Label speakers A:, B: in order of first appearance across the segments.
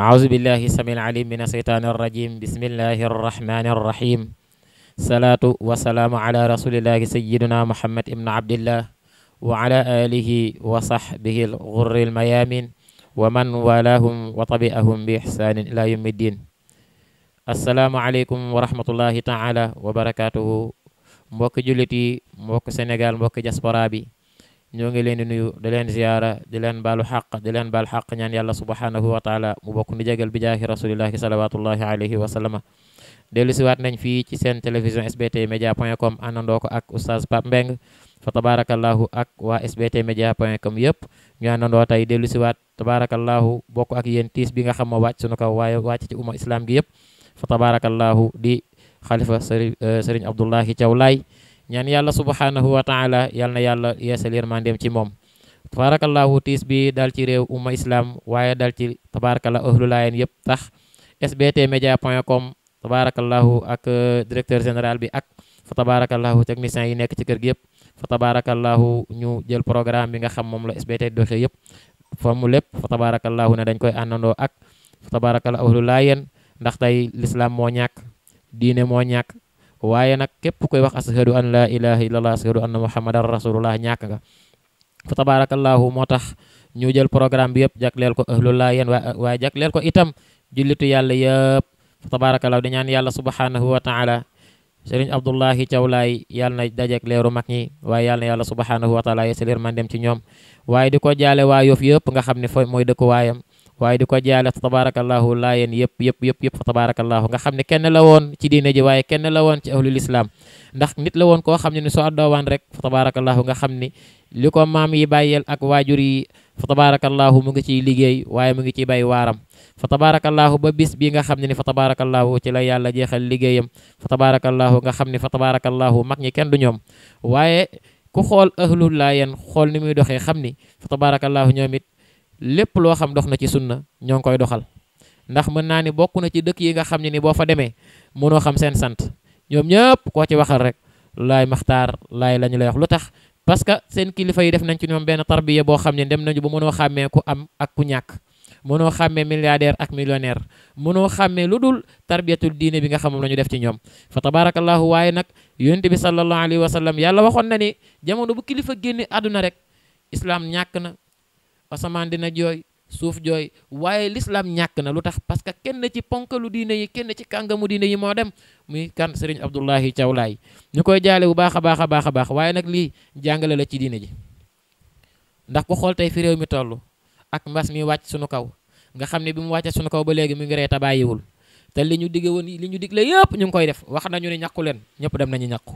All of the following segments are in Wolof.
A: أعوذ بالله السميع العليم من الشيطان الرجيم بسم الله الرحمن الرحيم صلاة وسلام على رسول الله سيدنا محمد ابن عبد الله وعلى آله وصحبه الغر الميامين ومن والاهم وطبئهم بإحسان إلى يوم الدين السلام عليكم ورحمة الله تعالى وبركاته mbokk jullit yi mbokk Sénégal mbokk diaspora bi ñoo ngi leen di nuyu di leen ziyaara di leen baalu xaq di leen baal xaq ñaan yàlla subhanahu wa taala mu bokk nu jégal bi jaahi rasulillahi salawatullahi alayhi wa sallama dellu siwaat nañ fii ci seen télévision sbt média point com àndandoo ko ak oustaz Pape Mbeng fa tabarakallahu ak waa sbt média point com yëpp ñu àndandoo tey dellu siwaat tabarakallahu bokk ak yéen tiis bi nga xam ma wàcc sunu kaw waaye wàcc ci umma islam gi yëpp fa tabarakallahu di xalifa sëriñ euh, Abdullahi Thiaw Laay ñaan yàlla subhanahu wa taala yal na yàlla yeesal yërmandeem ci moom tabarakallahu tiis bi daal ci réew umma islam waaye daal ci tabarakallah ahlu laayeen yëpp tax sbt media point com tabarakallahu ak euh, directeur général bi ak fa tabarakallahu technicien yi nekk ci kër gi yëpp fa tabarakallahu ñu jël programme bi nga xam moom la sbt doxee yëpp fa mu lépp fa tabarakallahu ne dañ koy àndandoo ak fa tabarakallahu ahlu laayeen ndax tey l'islam moo ñàkk diine moo ñàkk waaye nag képp koy wax ashadu an laa ilaha illallah ashadu anna muhammadan rasulullah ñàkk nga fa tabarakallahu moo tax ñu jël programme bi yëpp jagleel ko ahlullah yéen waa waaye jagleel ko itam jullitu yàlla yëpp fa tabarakallahu di ñaan yàlla subhanahu wa taala sëriñ abdullahi thiaw laay yàlla na dajeek leeru mag ñi waaye yàlla na yàlla wa taala yeesu leer man dem ci ñoom waaye di ko jaale waa yof yëpp nga xam ne fa mooy dëkkuwaayam waaye di ko jaale fa tabarakallahu laayeen yëpp yëpp yëpp yëpp fa tabarakallahu nga xam ne kenn la woon ci diine ji waaye kenn la woon ci ahlul islam ndax nit la woon koo xam ne ni soo addoowaan rek fa tabarakallahu nga xam ni li ko maam yi bàyyeel ak waajur yi fa tabarakallahu mu ngi ciy liggéey waaye mu ngi ciy bay waaram fa tabarakallahu ba bis bi nga xam ni fa tabarakallahu ci la yàlla jeexal liggéeyam fa tabarakallahu nga xam ne fa tabarakallahu mag ñi kenn du ñoom waaye ku xool ahlul lépp loo xam dox na ci sunna ñoo koy doxal ndax mën naa ni bokk na ci dëkk yi nga xam ne ni boo fa demee mënoo xam seen sant ñoom ñëpp koo ci waxal rek laay maxtaar laay la ñu lay wax lu tax parce que seen kilifa yi def nañ ci ñoom benn tarbiya boo xam ne dem nañu ba mënoo xàmmee ku am ak ku ñàkk mënoo xàmmee milliardaire ak millionnaire mënoo xàmmee lu dul tarbiyatul diine bi nga xam moom la ñu def ci ñoom fa tabarakallahu waaye nag yonent bi sallallahu alayhi wa sallam yàlla waxoon na ni jamono bu kilifa génne àdduna rek islaam na asamaan dina jooy suuf jooy waaye lislaam ñàkk na lu tax parce que kenn ci ponkalu diine yi kenn ci kàngamu diine yi moo dem muy kan sëriñ Abdullahi Thiaw Laay ñu koy jaale bu baax a baax a baax a baax waaye nag lii jàngale la ci diine ji ndax ku xool tey fi réew mi toll ak mbas mi wàcc sunu kaw nga xam ne bi mu wàccee sunu kaw ba léegi mu ngi ree tabàyyiwul te li ñu digge woon li ñu digle yëpp ñu ngi koy def wax nañu ne ñàkku leen ñëpp dem nañu ñàkku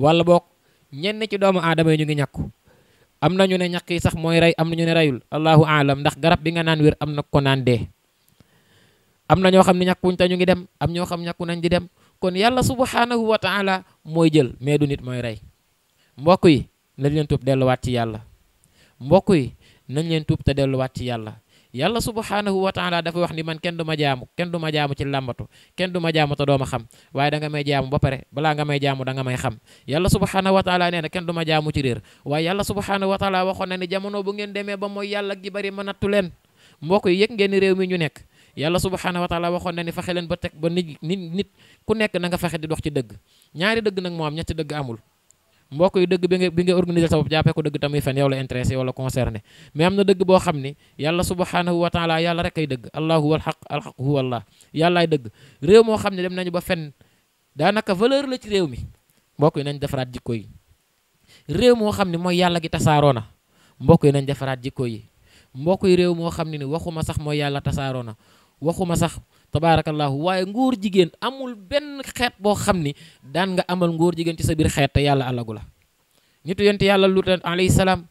A: wala boog ñenn ci doomu aadama yi ñu ngi ñàkku am na ñu ne ñàkk yi sax mooy rey am na ñu ne reyul allahu alam ndax garab bi nga naan wér am na ko naan dee am na ñoo xam ne ñàkkuñ te ñu ngi dem am ñoo xam ñàkku nañ di dem kon yàlla subhanahu wa taala mooy jël mais du nit mooy rey mbokk yi nañ leen tuub delluwaat ci yàlla mbokk yi nañ leen tuub te delluwaat ci yàlla yàlla subhanahu wa taala dafa wax ni man kenn du ma jaamu kenn du ma jaamu ci làmbatu kenn du ma jaamu te doo xam waaye da nga may jaamu ba pare balaa nga may jaamu da nga may yàlla subhanahu wa taala nee kenn du ma jaamu ci réer waaye yàlla subhanahu wa taala waxoon na ni jamono bu ngeen demee ba mooy yàlla gi bari ma leen mbokk yi yëg ngeen réew mi ñu nekk yàlla subhanahu wa taala waxoon na ni fexe leen ba teg ba nit nit ku nekk na nga fexe di dox ci dëgg ñaari dëgg nag moo am ñetti dëgg amul mbokk yu dëgg bi nga bi nga organiser sa bopp jàppee ko dëgg tamuy fen yow la intéressé wala concerné mais am na dëgg boo xam ni yàlla subhanahu wa taala yàlla rek ay dëgg allah huwa alxaq alxaq huwa allah yàllaay dëgg réew moo xam ne dem nañu ba fen daanaka valeur la ci réew mi mbokk yi nañ defaraat jikko yi réew moo xam ne mooy yàlla gi tasaaroo na mbokk yi nañ defaraat jikko yi mbokk réew moo xam ne ni waxuma sax mooy yàlla tasaaroo na waxuma sax tabaarakallaahu waaye ngóor jigéen amul benn xeet boo xam ni daan nga amal ngóor jigéen ci sa biir xeet te yàlla alagu la ñu ñitu yent yàlla lu tan alayhi salaam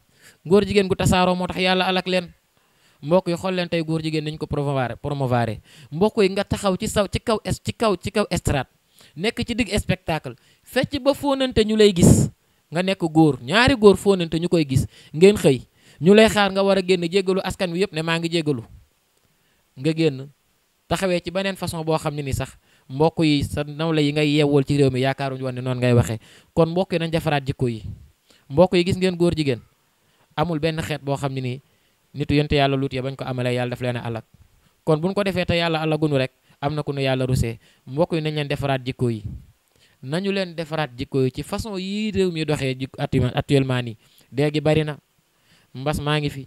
A: ngóor jigéen gu tasaaroo moo tax yàlla alak leen mbokk yi xool leen tey góor jigéen nañ ko promouvoir promouvoir mbokk yi nga taxaw ci saw ci kaw ci kaw ci kaw estrade nekk ci digg spectacle fecc ba fóonante ñu lay gis nga nekk góor ñaari góor fóonante ñu koy gis ngeen xëy ñu lay xaar nga war a génn jéggalu askan wi yëpp ne maa ngi jéggalu nga génn taxawee ci beneen façon boo xam ne ni sax mbokk yi sa nawle yi ngay yeewal ci réew mi yaakaaruñu woon ne noonu ngay waxee kon mbokk yi nañ defaraat jikko yi mbokk yi gis ngeen góor jigéen amul benn xeet boo xam ne nii nitu yonte yàlla luut ya bañ ko amalee yàlla daf leen a alag kon buñ ko defee te yàlla alagunu rek am na ku nu yàlla rusee mbokk yi nañ leen defaraat jikko yi nañu leen defaraat jikko yi ci façon yi réew mi doxee ji actuellement nii dee gi bari na mbas maa ngi fi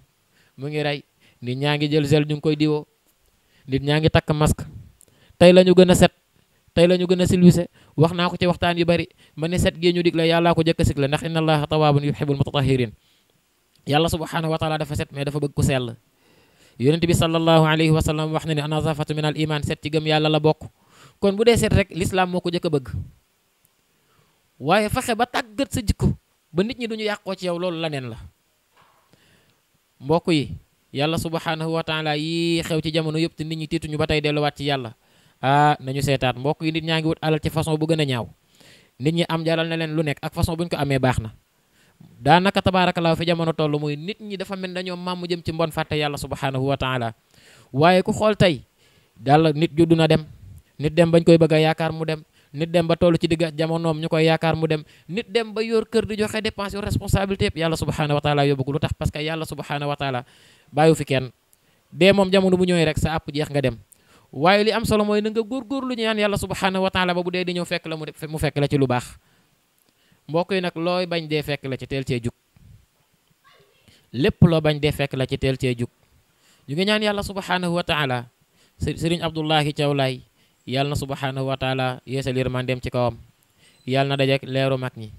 A: mu ngi rey nit ñaa ngi jël gel ñu ngi koy diwoo nit ñaa ngi takk masque tey la ñu gën a set tey la ñu gën a silwise wax naa ko ci waxtaan yu bari ma ne set gee ñu dig la yàllaa ko jëkk a sig la ndax inna allaha tawaabun yuhibbul mutatahirin yàlla subhanahu wa taala dafa set mais dafa bëgg ku sell yonent bi sallallahu alayhi wa sallam wax na ne anazafatu min al iman set ci gëm yàlla la bokk kon bu dee set rek l'islam moo ko jëkk a bëgg waaye fexe ba tàggat sa jikko ba nit ñi duñu yàqoo ci yow loolu laneen la mbokk yi yàlla subhanahu wa taala yii xew ci jamono yëpp te nit ñi tiituñu ba tey delluwaat ci yàlla ah, na ñu seetaat mbokk yi nit ñaa ngi wut alal ci façon bu gën a ñaaw nit ñi am jaral na leen lu nekk ak façon bu buñ ko amee baax na daanaka tabaarakallaa fi jamono toll muy nit ñi dafa mel dañoo màmm jëm ci mbon fàtte yàlla subhanahu wa taala waaye ku xool tey daal nit juddu na dem nit dem bañ koy bëgg a yaakaar mu dem nit dem ba toll ci digg jamonoom ñu koy yaakaar mu dem nit dem ba yor kër di joxe dépense yor responsabilité yëpp yàlla subhanahu wa taala yóbbu ko lu tax parce que yàlla subhanahu wa taala bàyyu fi kenn dee moom jamono bu ñëwee rek sa jeex nga dem waaye li am solo mooy na nga góorgóorlu ñaan yàlla subhanahu wa taala ba bu dee di ñëw fekk la mu fekk la ci lu baax mbokk yi nag looy bañ dee fekk la ci teel cee jug lépp loo bañ dee fekk la ci teel cee jug ñu ngi ñaan yàlla subhanahu wa taala sëriñ Abdullahi Thiaw Laay yàlla na subhaanahu wa taala yeesal yërmandeem ci kawam yàlla na dajeek leeru mag ñi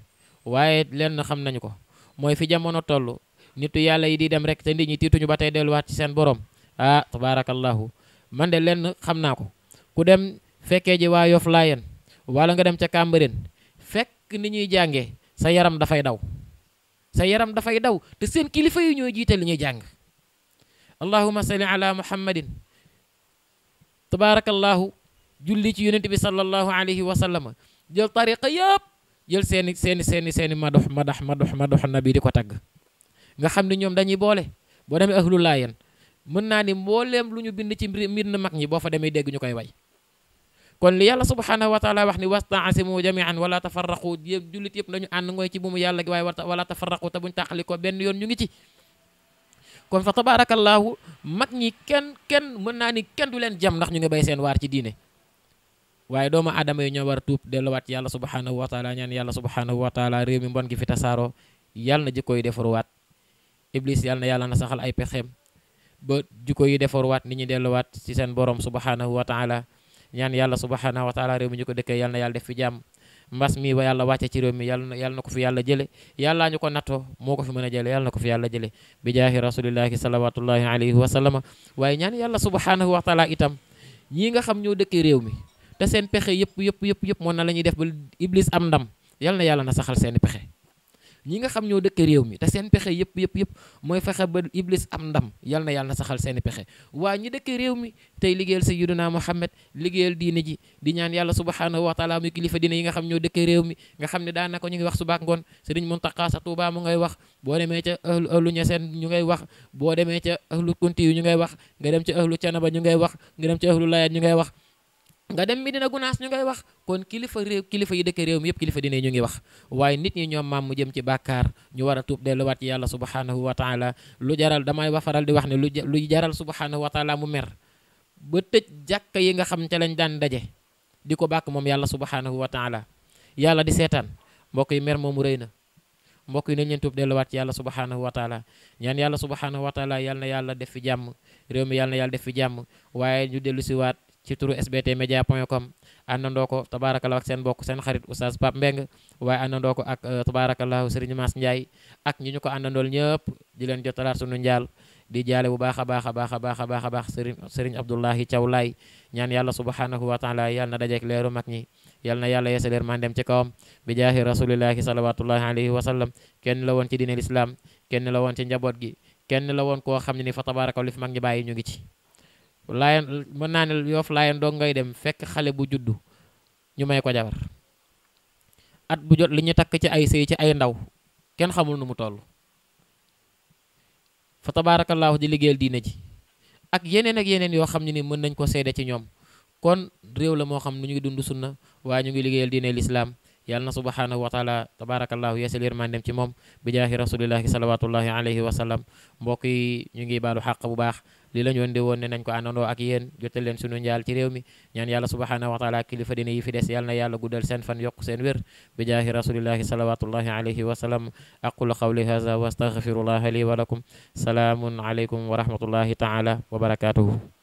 A: waaye leen xam nañu ko mooy fi jamono toll nitu yàlla di dem rek te nit tiituñu ba tey delluwaat ci seen borom ah tabaarakallahu man de lenn xam naa ko ku dem fekkee ji waa Yoff Laayeen wala nga dem ca Cambérène fekk ni ñuy jàngee sa yaram dafay daw sa yaram dafay daw te seen kilifa yi ñooy jiite li ñuy jàng allahumma salli ala muhammadin tabaarakallahu julli ci yonent bi sallallahu alayhi wa sallama jël tariqa yëpp jël seeni seeni seeni seeni madox madox madox madox nabi di ko tagg nga xam ne ñoom dañuy boole boo demee ahlu laayen mën naa ni mbooleem lu ñu bind ci mbir na mag ñi boo fa demee dégg ñu koy way kon li yàlla subhanahu wa taala wax ni wastaasimu jamian wala tafarraqu yëpp jullit yëpp nañu ànd ngooy ci buumu yàlla gi waaye wala tafarraqu te buñ tàqali ko benn yoon ñu ngi ci kon fa tabarakallahu mag ñi kenn kenn mën naa ni kenn du leen jam ndax ñu ngi bay seen waar ci diine waaye doomu aadama yi ñoo war a tuub delluwaat yàlla subhanahu wa taala ñaan yàlla subhanahu wa taala réew mi mbon gi fi tasaaroo yàlla na jikko yi defaruwaat iblis yàlla yàlla na saxal ay pexeem ba jikko yi defaruwaat nit ñi delluwaat ci seen borom subhanahu wa taala ñaan yàlla subhanahu wa ko dëkkee yàlla na yàlla def fi jàmm mbas mi ba yàlla wàcce ci réew mi yàlla na na ko fi yàlla jële yàllaa ko nattoo moo ko fi mën a jële yàlla na ko fi wa sallama waaye ñaan yàlla subhanahu wa taala itam ñii nga xam ñoo dëkkee réew mi te seen pexe yëpp yëpp yëpp yëpp moom na la ñuy def ba iblis am ndam yal na yàlla na saxal seen pexe ñi nga xam ñoo dëkk réew mi te seen pexe yëpp yëpp yëpp mooy fexe ba iblis am ndam yal na yàlla na saxal seen pexe waa ñi dëkk réew mi tey liggéeyal sayyiduna Muhammad liggéeyal diine ji di ñaan yàlla subhanahu wa taala muy kilifa diine yi nga xam ñoo dëkk réew mi nga xam ne daanaka ñu ngi wax subaak ngoon Sëriñ Muntaqa sa Tuuba mu ngay wax boo demee ca ahlu ahlu ñeseen ñu ngay wax boo demee ca ahlu kunti yu ñu ngay wax nga dem ca ahlu ñu ngay wax nga dem ca ñu ngay wax nga dem Medina Gunaas ñu ngay wax kon kilifa réew kilifa yi dëkk réew mi yëpp kilifa dine ñu ngi wax waaye nit ñi ñoom maam mu jëm ci bàkkaar ñu war a tuub delluwaat ci yàlla subhanahu wa taala di wax ne lu lu jaral subhanahu wa taala mu mer ba tëj jàkka yi nga xam te lañ daan daje di ko bàkk moom yàlla subhanahu wa taala yàlla di seetaan mbokk yi mer moomu rëy na mbokk yi nañ leen tuub delluwaat ci yàlla subhanahu wa taala ñaan yàlla subhanahu wa taala yàlla yàlla def fi jàmm réew mi yàlla na def fi jàmm waaye ñu dellu siwaat ci turu sbt media point com àndandoo ko tabaarakallah ak seen mbokk seen xarit oustaz Pape Mbeng waaye àndandoo ko ak euh, tabaarakallah Serigne Mass Ndiaye ak ñi ñu ko àndandool ñëpp di jotalaat sunu njaal di jaale bu baax a baax a baax a baax a baax a baax Serigne Serigne Abdoulahi Thiaw ñaan yàlla subhanahu wa yàlla na dajeek leeru mag ñi yàlla yàlla yeesa leer mandem ci kawam bi jaahi rasulillahi salawatullahi alayhi wa kenn la woon ci diine lislaam laayan mën naa ne yoof laayan doo ngay dem fekk xale bu juddu ñu may ko jabar at bu jot li ñu takk ci ay sëy ci ay ndaw kenn xamul nu mu toll fa tabaarakallaahu di liggéeyal diine ji ak yeneen ak yeneen yoo xam ne ni mën nañ ko seede ci ñoom kon réew la moo xam nu ñu ngi dund sunna waa ñu ngi liggéeyal diine lislaam yàlla na subhanahu wa taala tabarakallahu yeesal yërmandem ci moom bi jaahi rasulillahi salawatullahi alayhi wa sallam mbokk yi ñu ngi baalu xàq bu baax li la ñu indi woon ne nañ ko àndandoo ak yéen jotal leen sunu njaal ci réew mi ñaan yàlla subhanahu wa taala kilifa dina yi fi des yàlla na yàlla guddal seen fan yokk seen wér bi jaahi rasulillahi salawatullahi alayhi wa sallam aqulu qawli hadha wa astaghfirullaha li wa lakum salaamun alaykum wa rahmatullahi taala wa barakatuhu